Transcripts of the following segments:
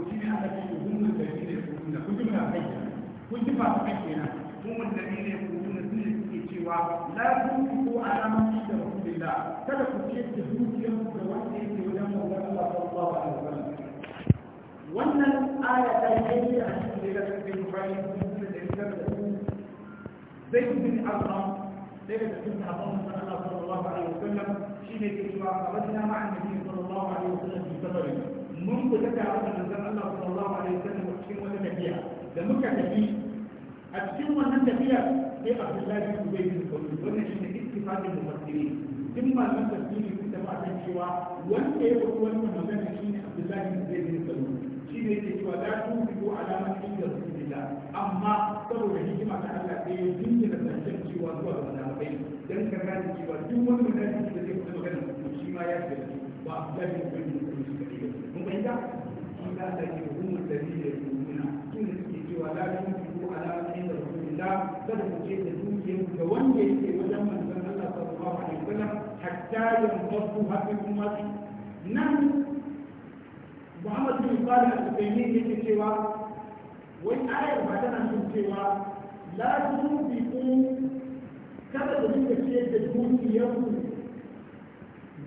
وشين على هم الذين يقولون كنت فاسقين كنت فاسقين هم الذين يقولون سنة سوى لا تنفقوا على من عند رسول الله كذا كنت يتهمون يوم توجه ولم الله صلى الله عليه وسلم wannan aya ta yi a cikin da daga cikin bayan sun da ita da su zai bin Allah sai da cikin sahabban manzon Allah sallallahu alaihi wasallam shine ke cewa a wajen ma'an nabi sallallahu alaihi wasallam bi sabarin mun fita tare da manzon Allah sallallahu alaihi wasallam a cikin wata tafiya da muka tafi a cikin wannan tafiya sai Abdullahi bin Ubay bin Salul wannan shi ne shine ittifaqin mufassirin duk malaman tafsiri sun tafi akan cewa wanda ya fito wannan magana shi ne Abdullahi bin Ubay bin shi ne yake cewa da ku la tufidu ala man inda rasulillah amma saboda hikima ta Allah sai ya jinjina zancen cewa zuwa ga malamai dan ka gane cewa duk wani mutum da zai fita magana shi ma ya ce ba Abdullahi bin Ubay bin Salul ita shi za a yi da biyu tun da suke cewa la tun ko ala sai da rasulullah kada ku ce da dukiyar Da wanda yake wajen manzon Allah sallallahu alaihi wasallam hatta yanfasu hafi ummati nan Muhammad bin Salih al yake cewa wai ayar ba tana nuna cewa la tun ko kada ku dinga ciyar da dukiyar ku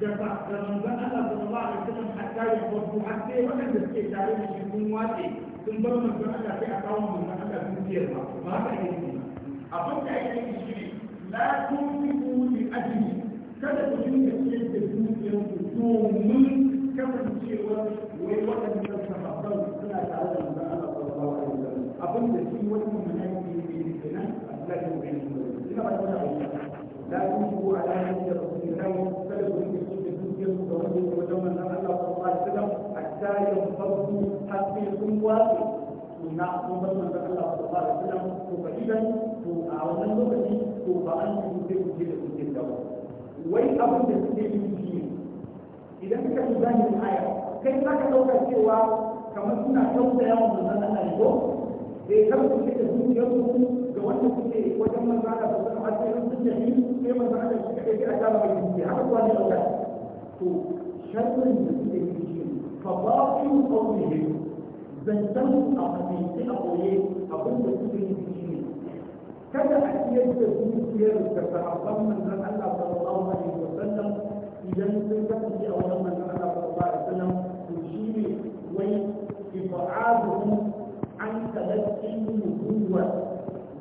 دفع رمضان الله صلى الله عليه وسلم حتى يخرجوا حتى وكان بسكي تعليم يكون واجب ثم بر من كان الله في أقوام من كان الله في كثير ما كان يكون أقول لك أي شيء لا تنفقوا لأجل kada ku dinga ciyar da dukiyar ku domin kasancewa wai waɗanda sahabban suna tare da manzon Allah sallallahu alaihi wasallam abin da shi wannan manhaji ne ne kenan Allah ya yi ina ba ta da Allah la tunku ala hadiya rasulillahi sallallahu alaihi wajen wajen manzon Allah sallallahu alaihi wasallam hatta yanfasu hatta sun wasu to na kun bar manzon Allah sallallahu alaihi to fa idan to a wannan lokaci to ba an yi sai ku je da wai abin da suke yi shi idan ka ji zahirin aya kai za ka dauka cewa kamar suna tausaya wa manzon Allah ne ko bai karfi ne da zuciyarsu ga wanda suke wajen manzon Allah sallallahu alaihi wasallam har sai sun tafi sai shi haka ne شر المسلمين فباطل قولهم زندهم أقدم تلقيه أقول المسلمين كذا حكيت تكون سير تتعظم من أن الله صلى الله عليه وسلم إذا نسيت في أول من أن الله صلى الله عليه وسلم تشير وإبعادهم عن ثلاثة النبوة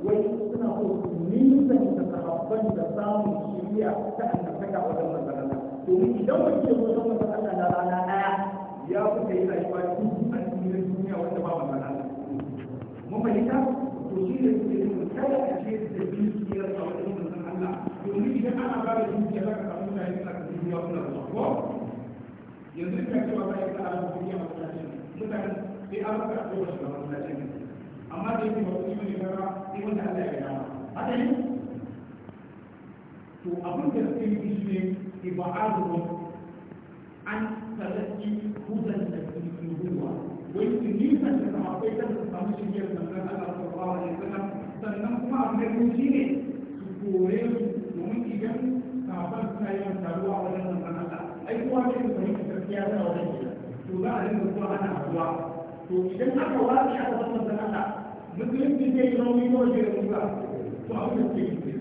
وإنه ميزة تتعظم لسام الشريعة كأنك تعظم من أن domin idan wani ke zo don wata Allah na rana daya ya kuka yi rayuwa dubu a cikin duniya wanda ba wa rana mun fahimta to shi ne suke yin kada a ce da dukiyar a wajen mutum Allah domin idan ana ba da dukiya za ka samu mutane suna da duniya suna da ko yanzu ka ce ba za ka yi tsara duniya ta masallacin mutane sai an baka a kowace ta masallacin amma da yake ba kuɗi ne ba sai wanda Allah ya gama haka ne to abin da suke yi shi ne إبعادهم عن تلقي هدى الذي هو ويمكن أن تتعطيك تستعمل شيئا من sannan kuma shi ne su kore su domin idan kafar ta yi ruwa Allah ai ne da bai gaskiya ta wajen shi to za a rinka zuwa ana to idan aka Allah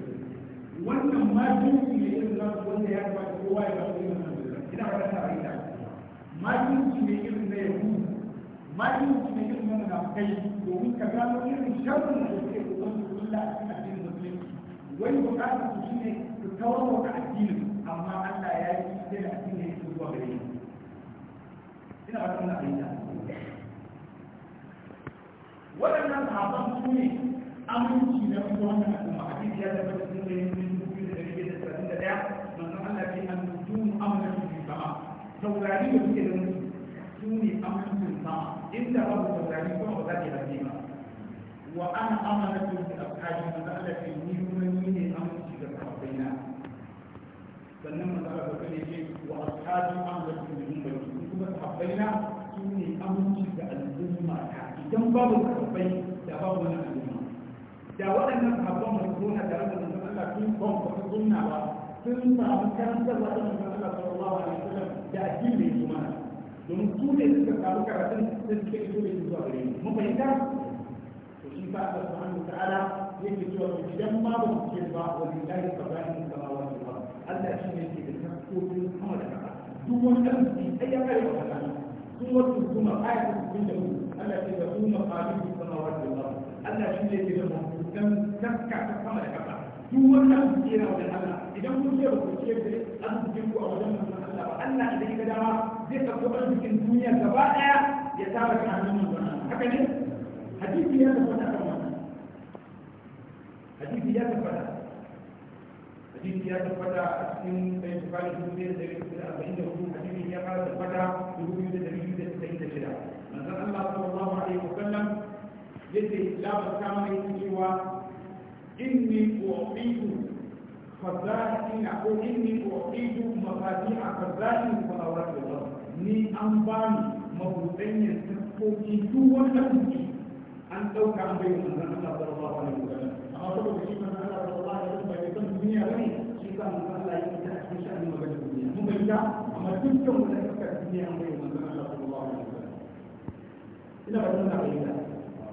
wannan ma makinci ne irin na wanda ya kamata kowa ya kawo irin nan ina ba ta ma makinci ne irin na ma makinci ne irin na munafukai domin ka gano irin sharrin da ke kokarin su kulla a cikin addinin musulunci wai bukatar su ne su kawar ka addinin amma Allah ya yi sai da addinin ya zuwa gare ni ina ba ta rita waɗannan sahabban su ne aminci na wannan al'umma hadisi ya tabbata sun yi daya manzon Allah ce an nujum amrun fi sama taurari da suke da mutu su ne amrun sama inda babu taurari kuma ba za ta yi ba wa ana amanatu bi ashabi manzon Allah ce ni kuma ni ne aminci ga sahabbaina sannan manzon Allah ba ne ce wa ashabi amrun bi ummati kuma sahabbaina su ne aminci ga al'umma idan babu sahabbai da babu wani al'umma da waɗannan sahabban masu da rabin Allah sun kwanfa sunna ba sun samu karantarwa da manzon Allah sallallahu alaihi wasallam da addini mai imani domin su ne suka samu karatun da suke iso da zuwa gare mu mun fahimta to shi fa Allah subhanahu ta'ala yake cewa idan ma ba ku ce ba wa lillahi sabahin samawati wa Allah shi ne ke da tafkokin sama da kasa duk wani arziki ai ya kai wa kasa sun wasu kuma ayatun sun da mu Allah ke da kuma fadin samawati wa Allah shi ne ke da mahimman taska ta sama da kasa duk wani arziki yana wajen Allah idan kun ce ku ce an arzikin ku a wajen manzon Allah ba Allah idan ya dama zai ɗauko arzikin duniya gaba ɗaya ya tara ka hannun manzon Allah haka ne hadisi ya tabbata kan wannan hadisi ya tabbata hadisi ya tabbata a cikin sai bukari dubu ɗaya da ɗari da arba'in da hudu hadisi ya fara tabbata dubu biyu da ɗari biyu da casa'in da shida manzon Allah sallallahu alaihi wa sallam yace labarta mana cewa inni u'mitu ni أو إني أعطيت مفاتيح خزائن السماوات والأرض ni an ba ni mabuɗanya sassoki duk wanda kuke an ɗauka an bai wa manzon Allah sallallahu alaihi wa sallam amma saboda shi ba duniya shi ta cikin magana duniya mun bai ta amma wanda duniya an bai wa manzon Allah sallallahu ina ba tana bayyana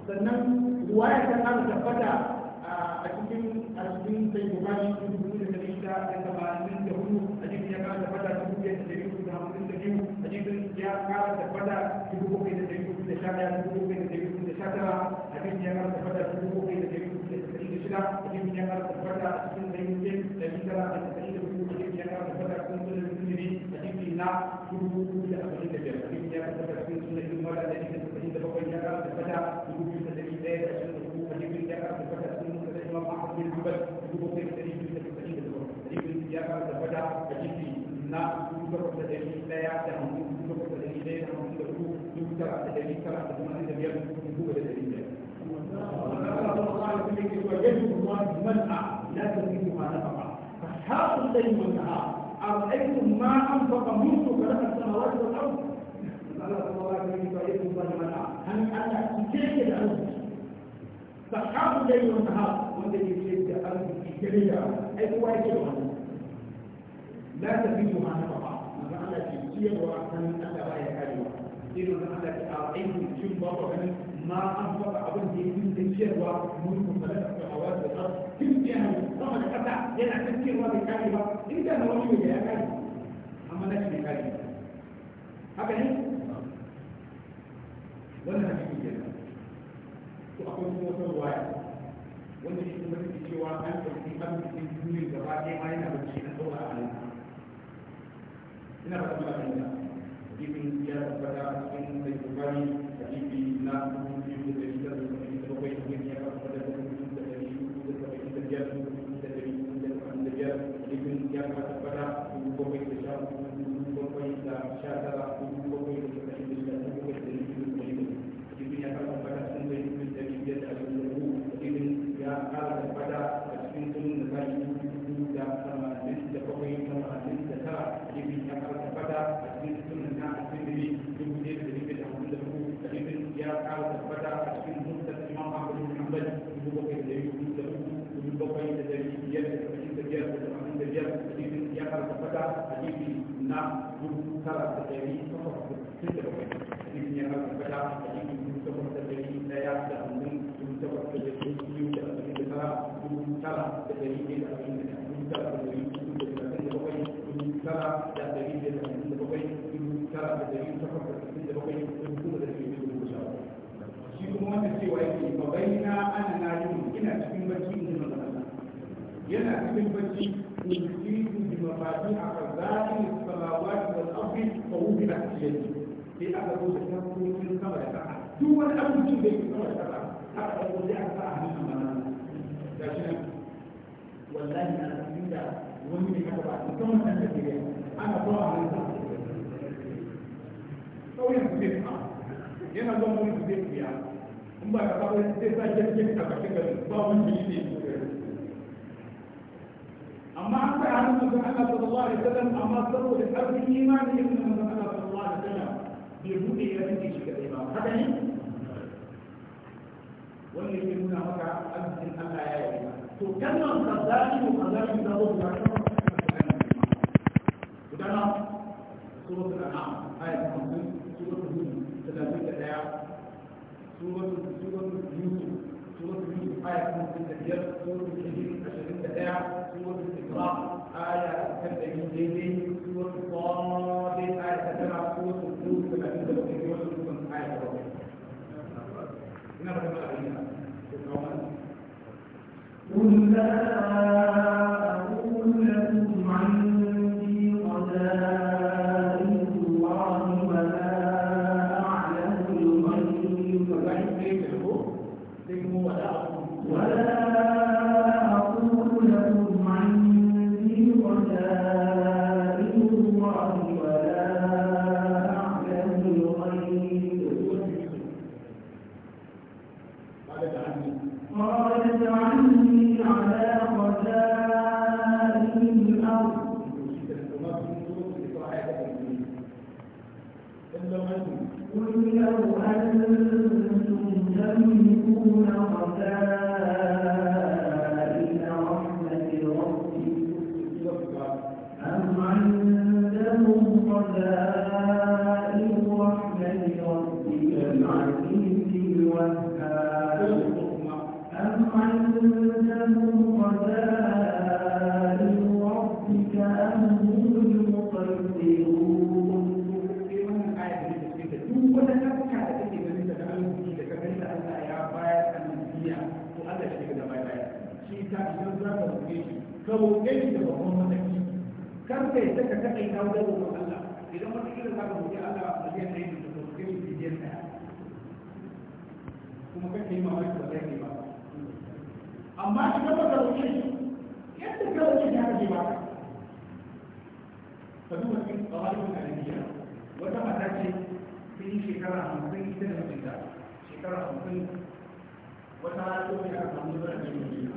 sannan ruwaya ta ƙara tabbata a cikin asirin sai bukari sun dubu da dari da tamanin da hudu hadisin ya kara da fada dubu biyar da dari da hamsin da biyu hadisin ya kara da fada dubu bakwai da dari da sha daya dubu bakwai da dari da sha tara hadisin ya kara da fada dubu bakwai da dari da saba'in da shida hadisin ya kara da fada a cikin sai da dari da saba'in da hudu ya kara da fada a cikin sunan musulmi hadisi na dubu na dubu takwas da ɗari ɗaya da hamsin dubu takwas da ɗari ɗaya da hamsin da uku dubu tara da ɗari tara da tamanin da biyar dubu da ɗari biyar. ويجب المنع لا تزيد ما نفقه فحاق الليل والنهار أرأيتم ما أنفق منذ خلق السماوات والأرض قال صلى الله عليه وسلم فيجب المنع هل أنا كيف الأرض فحاق الليل والنهار والذي يجب أن يجب أن يجب أن يجب لا تفيد ما نفقه ما قال في سير وأحسن ألا غاية كلمة إذا ما قال في أرعين الجن بطن ما أنفق أبن دين من سير ومن ثلاث سماوات والأرض تمتعه ثم القطع ينع تفكير وبكلمة إن كان رجل يا كلمة أما لك بكلمة هكذا ولا حبيبي جدا وأقول لكم رواية wanda shi kuma suke cewa an ɗauki arzikin في gaba ɗaya ma yana bacci ina ba ta fahimta hadisin ya tabbata cikin sai bukari hadisi na dubu biyu da dari da tara da dari biyar da ashirin da dubu tara da dari hudu da talatin da bakwai dubu tara da dari biyar da ashirin da bakwai dubu tara da dari takwas da sittin da bakwai dubu kuma da dari biyar da sha shi kuma wanda cewa yake ba bai na ana na yi ina cikin bacci in ji magana yana cikin bacci in ji in ji mafaɗi a kazalin salawati da tsafi ba wuce da ashirin sai aka zo da tafkokin sama da ƙasa duk wani abincin da yake sama da ƙasa aka ɗauko sai aka sa a hannun amana da shi nan wallahi na cikin da wani ne haka ba musamman ɗan Najeriya ana zuwa a nan kauyen su zai fa yana zuwa wani su zai fiya in ba ka ba wani zai sa jirgin a bakin garin ba wani jini ne amma an kai hannun manzon Allah sallallahu alaihi wasallam amma saboda ƙarfin imani ne manzon Allah sallallahu alaihi wasallam bai buɗe ya rike shi kadai ba haka ne wanda yake nuna maka arzikin Allah ya yi to kalmar kazalimu kazalimu da wasu ba ta gudana suratul an'am ayat 50 suratul hud 31 suratul suratul yusuf suratul yusuf ayat 55 suratul hijr 21 suratul isra ayat 31 suratul qamar كُلَّا قالت عني على خزائن الأرض قل لو أنتم تملكون خزائن رحمة ربي أم عندهم خزائن رحمة ربي العزيز الوهاب ka roƙi Allah a tsariyar aiki da kuma kai su je tsaya kuma kake yi mamaki ba zai ba amma idan ba ka roƙi yadda ka roƙi ya rage ba ka duba cikin tsawalin kalibiya wata mata ce sun yi shekara hamsin ita da mijinta shekara hamsin wata halittu ya samu zuwa da mijinta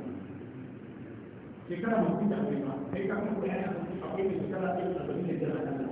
shekara hamsin da mijinta sai ka kuma ya akwai da shekara ɗaya da mijinta da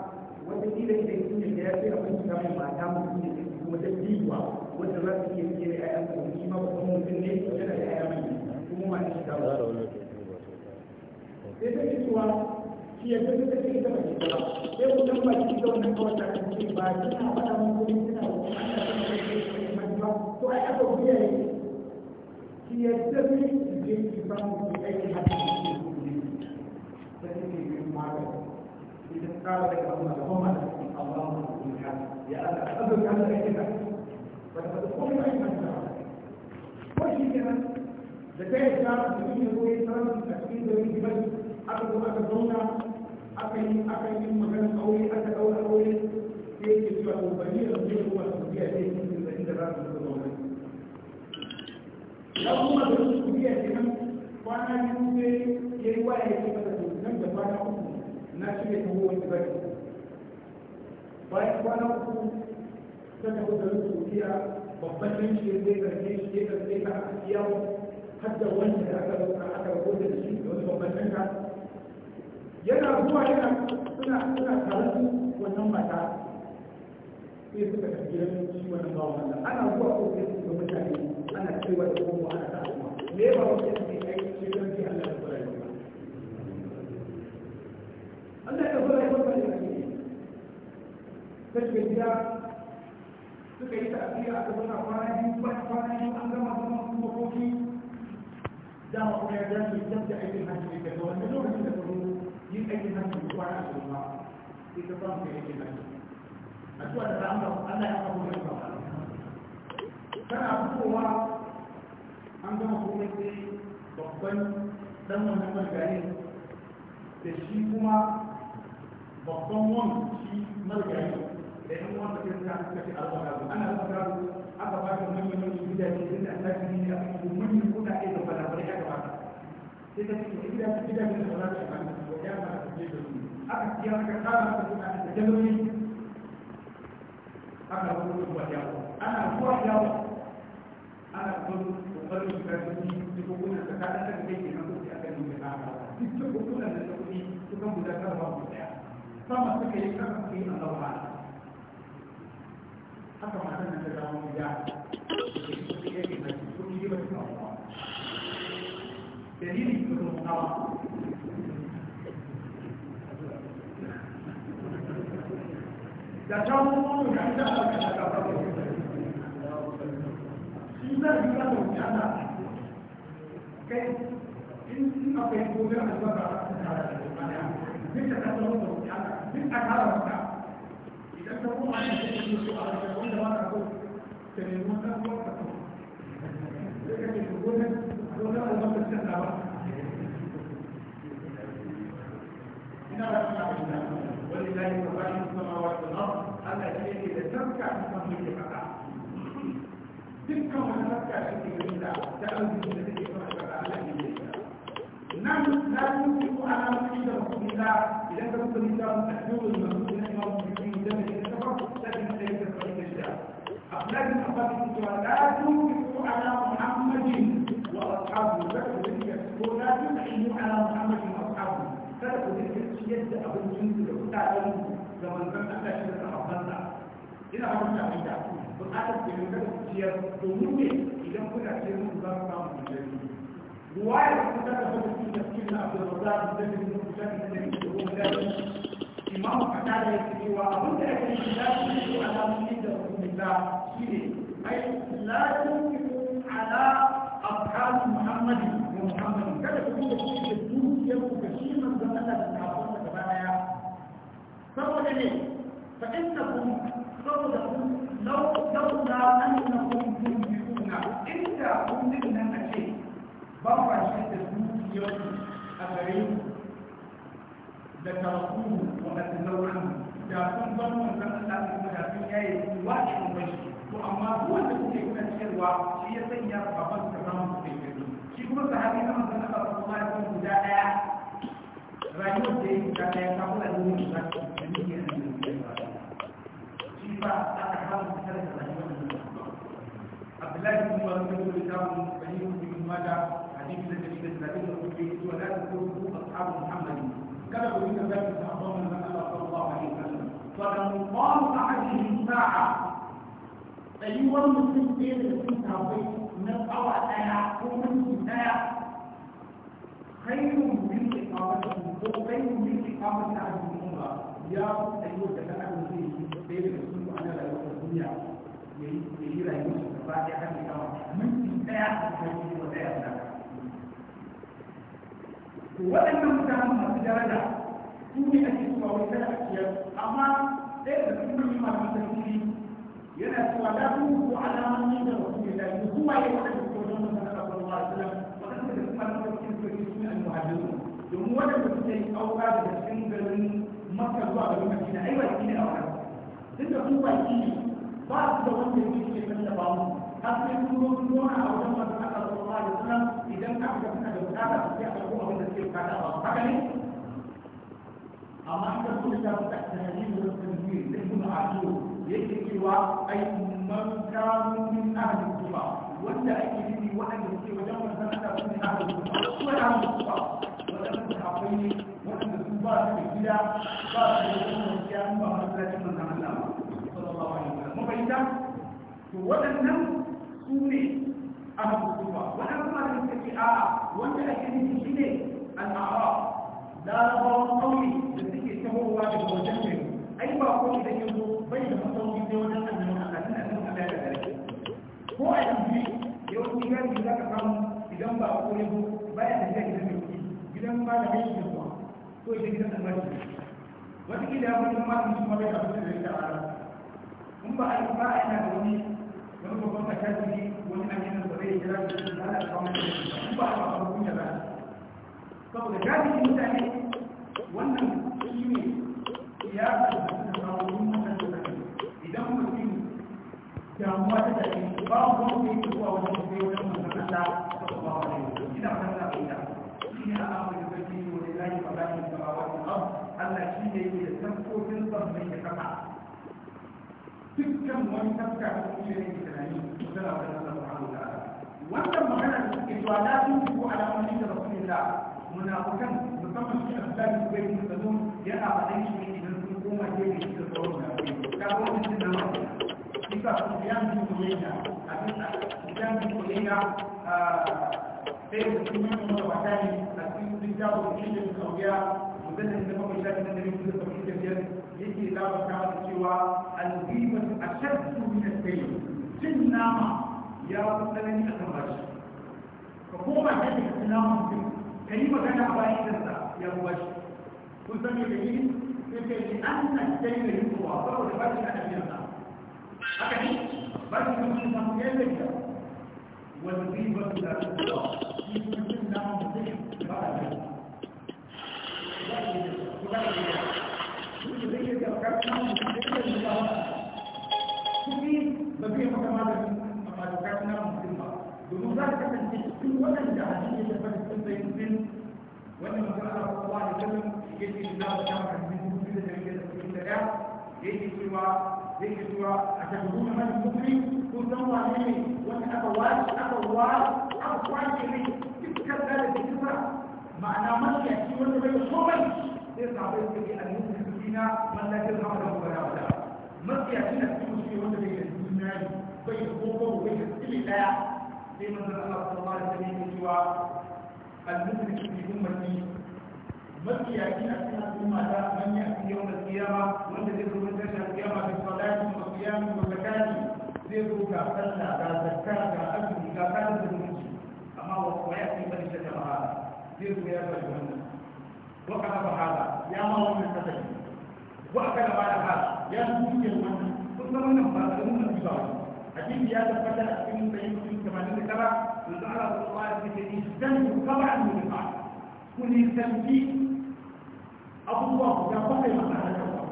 wata kila da shi ne ya ce abin da samun mata mutum ne kuma ta diwa wanda za su iya kira ƴaƴan ka shi ma kuma mutum ne yana da ƴaƴa mai kuma ma shi ta ba sai ta ce cewa shi ya ce ta ce ita ba ce ba sai ku dan ba shi ta wannan kawai ta ce ba kina faɗa mun kuma kina ba ana son ka ce ba to ai aka biya ne shi ya ce ne ki je ki samu ki aiki hakan ne ki ne ta ce ki mata إذا قال لك ربنا اللهم اللهم لك الحمد يا أبا أخذك على الكتاب فلقد قلت أين وشي كمان زكاة الشعب تكون يقول فرنسا تكون دولي بس أخذوا أخذ دولة أخذ أخذ مكان قوي أخذ أول أول في كتب أوروبية غير هو السعودية ليه ممكن بعيد الرأس لو هم بالسعودية كمان وأنا يقول لي يا رواية كيف تقول لم تفعلوا na shirya taho wani bai bayan kwana uku ta taho da rufe babban ɗan shi zai zarge shi ya zarge ka a yawo har da wanda da aka aka da shi da wani babban ɗan yana zuwa yana suna suna tare wannan mata sai suka tafi gidan shi wannan bawan Allah ana zuwa ko sai su ga mutane ana cewa da kuma ana me ba wani ta shiga gida suka yi tafiya a gaba kwana biyu kwana biyu an gama zama kuma kofi dama kuma ya dace idan da aikin hajji ne daga wanda lokacin da kuma yin aikin hajji kwana a gaba sai ta samu kai aikin hajji a zuwa da ta'amma Allah ya kawo mai ba tana fitowa an gama komai sai babban dan wannan margari da shi kuma babban wani shi margari da yan wanda ke suna suka ce alfakaru ana alfakaru aka ba da manyan manyan gidaje inda annabi ne a cikin manyan kuɗaɗe da balabari aka ba sai ta ce gidaje gidaje da balabari aka ba da ya ba da su aka siya aka kara masa kuɗaɗe da jaloli aka zo zuwa yawo ana zuwa yawo ana zo kokarin shiga ciki da kokunan da kaɗan da kai ke nan ko sai aka nuna haka duk da kokunan da ta kuɗi su kan gudanar ba ku ɗaya sama suka yi kasa su yi Allah 他讲还是那个交通线，也是电力的，用电量少，电力的不够用，他嘛，要交通公路连接起来才搞得到，现在有点困难了，OK，今天他给姑娘送个啥？tafka a kan yake faɗa dukkan wani tafka da ke gani da da arziki da take kuma da Allah ne ya yi nan na yi ko ana mutu da mutum da idan ka mutum da mutum da mutum da mutum da mutum da mutum da mutum da mutum da mutum لكن أخذت لا تنفقوا على محمد وأصحابه فقد تنفقوا لا تنفقوا على محمد وأصحابه فقد تنفقوا يد أبو الجند لو تعلموا لمن لم تشهد أخذنا ina mun ta fita bukatar ke nuna da kuciyar domin ne idan kuna ce mun za ku samu mutane ruwayar kusa da wani cikin tafsir na abu da za su zai nuna kusa da zai nuna kuma da imamu katara ya ce cewa abin da ake yi za su yi a lamun da rubuta shi ne ai la tunkiru ala afkamu muhammadi wa muhammadin kada ku kuma kuma da dukiyar ku ga shi manzon Allah da sahabbansa gaba daya saboda ne fa innakum saboda lauda annahum yunfiquna inda kun din nan a ce ba da dukiyar a gare da tarku da yayi wajibin bashi to amma duk wanda ya sanya baban ka zama ku guda daya rayuwar da yake da ya samu da بقى بتاعت احوال مختلفه عبد الله بن مسعود بن صحيح بن ماجه حديث النبي صلى الله عليه وسلم ولا تكونوا اصحاب محمد كما يريد ذلك اعظم من الله صلى الله عليه وسلم فلنقام هذه الساعه ايها المسلم غير المسلم تعطيه من اول ايه ومن ايه خير من اقامته وخير من اقامه ya ayyuka da kan abin zai yi da daga cikin ma'anar rayuwar duniya ya yi rayuwar su gaba ɗaya har da yawa minti ɗaya da yi wa ɗaya da to waɗannan mutanen masu daraja su ne ake zuwa wai kada a ciyar amma ɗaya da cikin manyan masu tasiri yana cewa da su ko alamomi da wasu ne da yi kuma ya wata da kuma don masa na ɗaukar wasu da waɗanda da kuma na ɗaukar cikin sojin su ne al-muhajiru domin waɗanda suke yi auka da cikin garin makka zuwa ga madina a duk da su baki ne ba su da wanda yake ke tallafa mu har sai zo a wajen masu aka da suna idan aka suna da bukata su sai a ɗauko abin da suke bukata ba haka ne amma in ka so ta fi da wasu kan biyu kuma ajiyo yake cewa ai man min wanda ake nufi waɗanda suke wajen masu aka kuma kuma da ba su da gida ba su da yin wasu ya ba masu da cikin na Allah ba sallallahu alaihi wasallam mun fahimta to waɗannan su ne aka kusurwa waɗannan kuma da suka a wanda ake nufi shi ne al'ara larabawan ƙauye da suke tahowa daga wajen mai ai ba ko idan ya zo bai da masauki sai wajen annabi Allah tana kan Allah da gare ko a yanzu yawanci gari za ka samu idan ba ko ya zo baya da gidan mai gidan ba da mai ko shi kan albashi wata kila wani malamin su mara kafin da ya ta'ara in ba a yi ba a yana da wani wani babban kasashe wani ajiyar da zai jira da ba zara kawo kawai in ba a ba a kunya ba saboda gajin mutane wannan shi ne ya ƙarfi da kawo idan mutum damuwa ta tafi ba wani wani zuwa wani zuwa wani makaranta da kuma wani ina abin da yake da tafkokin mai da kafa dukkan wani tafka da kuma yake tunani da na wani sabbin hauka wannan magana da suke zuwa na sun ko alamomin da rasulullah munafukan musamman shi a tsari bai mun da mun yana faɗin shi ne idan sun koma gefe shi da sauran da ake ah, ta gwamnati sun nan wani isa sun biya mun koyayya abin da biya mun koyayya sai da sun yi mu da wata ne a cikin sun jawo da shi da sannan da bakwai shafi nan da yau da saba'in da biyar yake labarta masa cewa alghibar a shaddu min al-bayl cin nama ya fi tsanani a kan bashi ka koma kai ka cin nama mutum ka yi magana a bayan idansa ya fi bashi kun san me dalili sai kai ni an na kai da yunwa saboda bashi na ɗabi'arsa haka ne bashi na mutum samu yadda ya والغيبة لا تدعى waɗanda hadisi ya tabbata sun da yin wannan magana da kuma da kullum yake shiga da kamar hadisi sun da yake da cikin da yake cewa yake cewa a tabbuna man mukri ko san wane ne wanda aka wace aka wace aka kwace ne dukkan da da kisa ma'ana mafiyaci wanda bai komai sai sabai suke a nufin dina mallakin zama da kuma da mafiyaci na cikin shi wanda bai da duniya bai da kokowa bai da tsili daya sai manzan cewa al-muslimu fi ummati makiyayi a cikin al'umma ta manya a yau da kiyama wanda zai zuwa tashar kiyama da salati wa kiyami wa zakati zai zo ga sallah ga zakka ga azumi ga kada zumunci amma wa ya fi bari ta jama'a zai zo ya bari wannan wa kana ba ya ma wannan kasari wa kana ba da hada ya zuke wannan kun ga wannan ba da mun ba hadisi ya tabbata a cikin sayyidin 89 يدعى رسول الله يستنجوا طبعا من البعض كل يستنجي أبو الله ينطقي مع هذا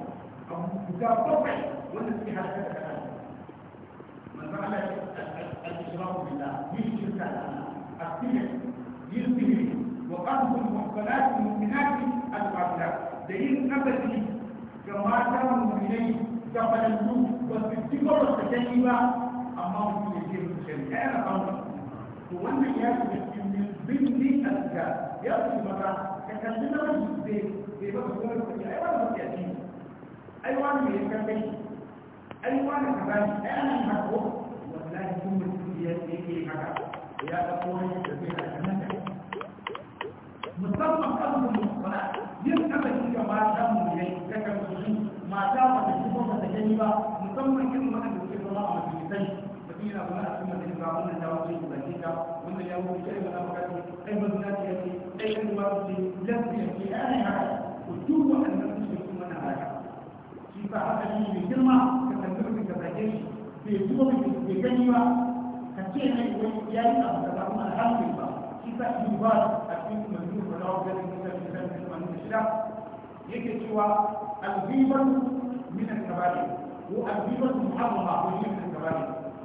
ينطقي ونسي هذا كذا من فعل الإشراف بالله يشرك الله السجن يلتهي وقذف المحصنات المؤمنات الغافلات دليل أبدي كما كانوا المؤمنين كفلوا والتكبر والتجنب أمام كل شيء to wannan ya fi cikin bin bin da ya fi maka ka kalli na wani bai bai baka kuma da kuɗi ai wani mutu ya ci ai mai kan kai ai wani ka bani ai ana yi haka wallahi kun mutum ya ke haka ya ga kowa da zai haka nan da musamman kan mu mutsara yin haka shi ga mata mu ne ya kan su mata ba ta shi ba ta gani ba musamman kin mana kila wani a cikin mutum ba wannan ta wace ba ce ta wannan ya wuce kai kai ce kai ba ce ce ku su ke kuma na haka shi ba haka ne mai girma ka tantar ka zage shi bai zuwa bai gani ba ka ce ne wani ya yi abu da ba kuma ba shi ba a cikin ba da shida yake cewa kabari ko alghibar muhammad ko kabari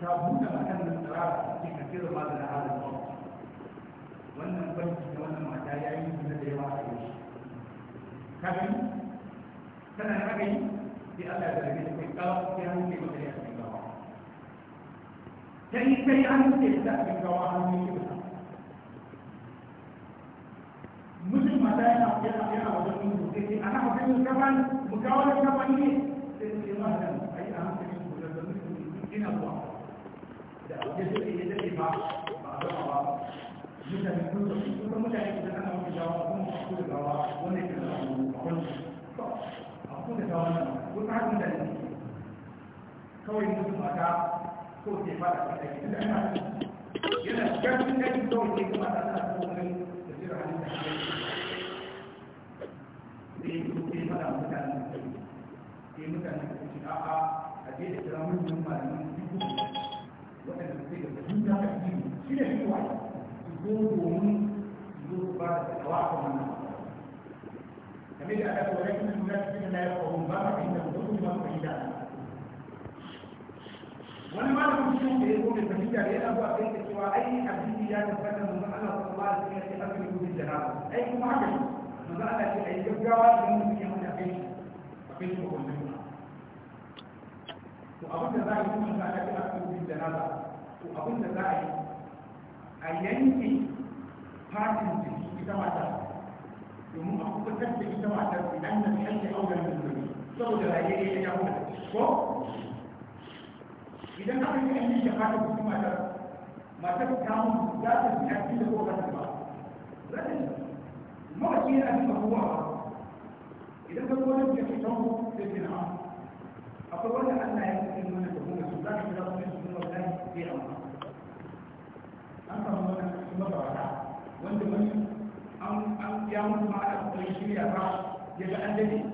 تابوت مكان الاضطراب في كثير ما من هذا الوقت wannan banki da wannan mata ya yi da da yawa a yau kaga ni tana kaga ni sai Allah ya rage kai kawo sai an ce maka ya kai gawa sai kai an ce da kai gawa an yi ki mutum mata yana yana yana wajen yin sai sai ana wajen yin kaman mu kawo da kaman ne sai sai ma dan ai an ce ku da ina zuwa kawai mutum mata ko ke fada da da da da da da da da shi ne shi da kawa da da ya kawo ba yi da ya zo mai fahimta da yana zuwa kai da cewa ai addini ya tabbata mun Allah sallallahu alaihi wasallam ya ce akan da jahannam ai kuma haka mun Allah ya ai gaggawa da mun yi wanda kai akwai shi ko wannan to abin da za a yi kuma da aka ce akan gudun jahannam to abin da za a yi a yanke fatin jiki ita mata domin a kubutar da ita mata idan da yanke auren da zuri saboda raye ya ya kuma ko idan aka yi yanke da fatin jiki matar matar ta mu za ta fi yanki da ko ba ta ba rashin mawaki yana cikin kowa idan ka zo wajen da ke tanko sai na akwai wanda Allah ya kuɗi mana da kuma su za ka kira su zai amfani an samu wani mabarata wanda wani an ya mutu ma a kuma shirya ba ya ga an dade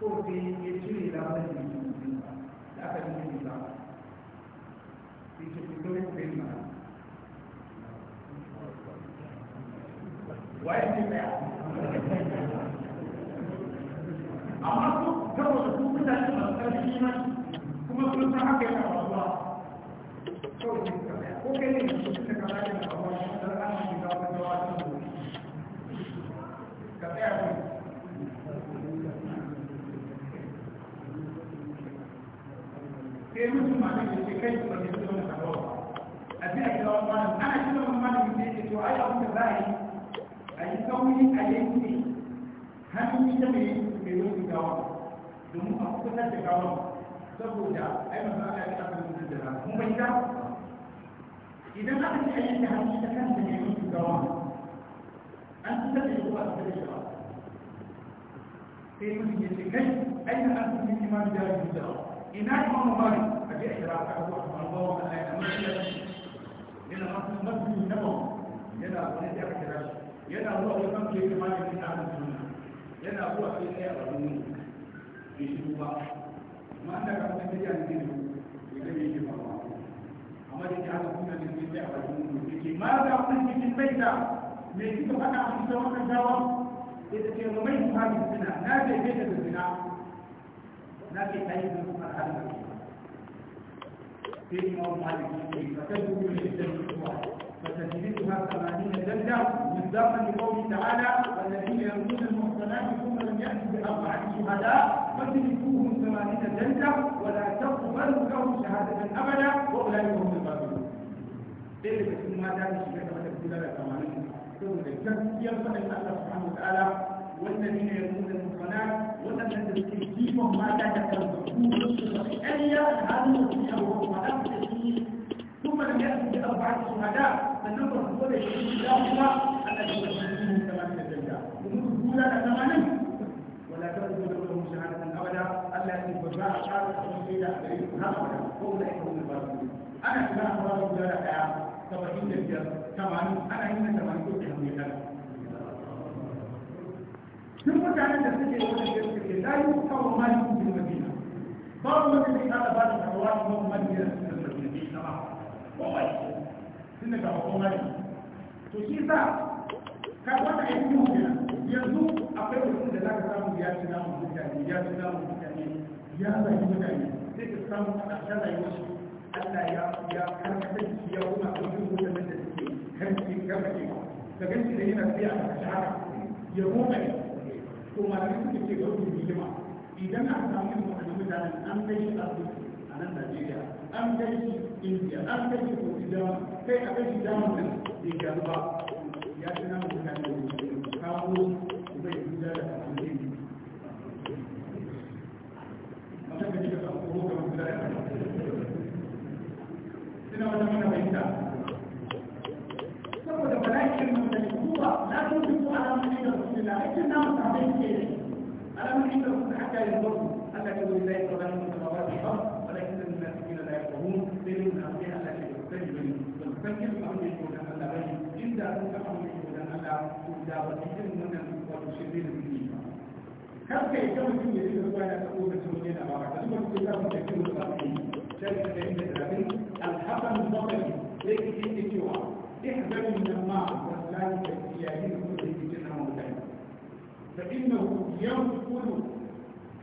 ko sai ya cire lamarin da ke mutum ba da aka yi mutum ba sai ce ku kawai ku kai mana waye ce tsaya amma su gaba da su mutane masu ƙarfi kuma sun san haka yana faruwa sai mutum ma ne domin a kusa da gawa saboda ai masu ana yi da kuma ita إذا ما قلت أنها مستكملة يعني في الدوام أن تبدأ الوقت بالإشراف في مهنيتكي أين أنت من إمام جاري الدوام إناك إمام مالك أجي إشراف أبو أحمد الله وأنا أين أمشي لأن أصل مسجد النبوي يلا ولد أكتر يلا هو الإمام جاري مالك من أهل السنة يلا هو في الأيام الأولين في شبوبة ما أنك أمشي يعني منه يجب أن يجب الله أما يجعل كل sai a wajen mutum yake ma za ku cikin baita me kika faɗa a cikin wannan gawa sai ta ce mai muhammi suna na ce ke da zina na ce ta yi zina kuma har da sai ma muhammi ne ba ta dubu ne da zuwa فتجلدها ثمانين جلدة من زمن قوله تعالى والذين يرمون المحصنات ثم لم يأتوا بأربعة شهداء فاجلدوهم ثمانين جلدة ولا تقبلوا لهم شهادة أبدا وأولئك هم الغافلون ɗaya daga cikin mata da shiga da wata kula da tamanin saboda gaskiyar faɗin Allah subhanahu wa ta'ala wannan ne ya nuna musana waɗannan da suke kifon mata da karfafu su da ƙarya da halin da suke abuwa kuma da suke shi kuma da ya suke abuwa da su hada sannan ba su da shi da kuma Allah ya wata shi da mata da danda domin su kula da tamanin wala ta kuma da kuma shahadatan abada Allah ya ce ba za a ƙara kuma shaida a gare su har abada ko da ya kuma ba su ana shiga a fara kula da ɗaya saba'in da biyar tamanin ana yin tamanin ko kenan mai tara duk mutanen da suke wani da suke layu kawo mali bin madina babu wanda zai kada ba da karuwa da babu mali da suke da madina bai sama ko mai tun daga bakon mali to shi sa ka wata aiki mutum yanzu akwai mutum da za ka samu ya ci namun mutane ya ci namun mutane ya zai mutane sai ka samu a ƙarshen rayuwar shi Allah ya ya karkata ya kuma abin da da suke kan cikin gaba ne da ganci da yana tsaya a shahara ya roƙa ne to malamin suke ke ga rubin hikima idan an samu mutum mutane an kai shi a asibiti a nan Najeriya an kai shi India an kai shi kofi Dama kai a kai shi Dama din bai gyaru ba ya ci nan mutane da kawo ina wata saboda bala'in nan da kuma na san su ko alamun da ta da ba da da da da ba ta yi ta yi yi yi الحسن البصري ليس في سوى احذر من النار والله تأتيانه كله جنة موتان فإنه ينقل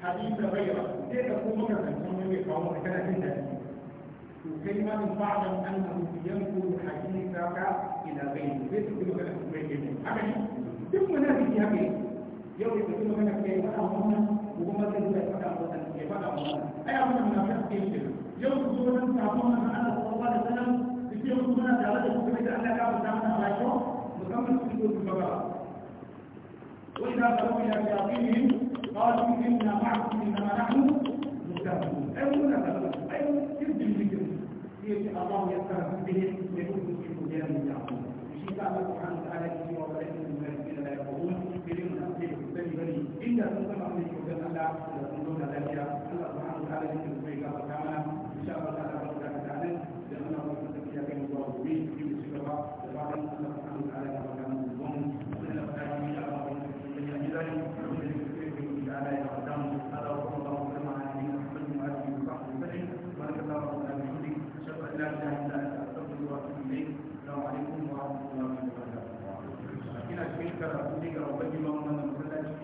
حديث غيره تأتي مرة ثم يقوم كان في وكلمة تعلم أنه ينقل حديثك إلى غيره ليس كل غيره بيته أبدا duk munafiki haka yi yau da kuma mana kai faɗa wannan gobe ma zai zai faɗa wannan kai faɗa wannan ai abin da munafiki ke yau zo nan sabon nan muna tare da kuma da Allah ka fada mana ba ko musamman su ko kuma ba وإذا قالوا إلى شياطينهم قالوا إنا معكم إنما نحن مستهزئون أي من أي يبدو الذكر يجي الله يستهزئ بهم ويكون في مجال يعقوب شيء قال سبحانه وتعالى في وقائع الملائكة لا يقولون بهم أنزل بني بني إلا تنظر عليهم وجل الله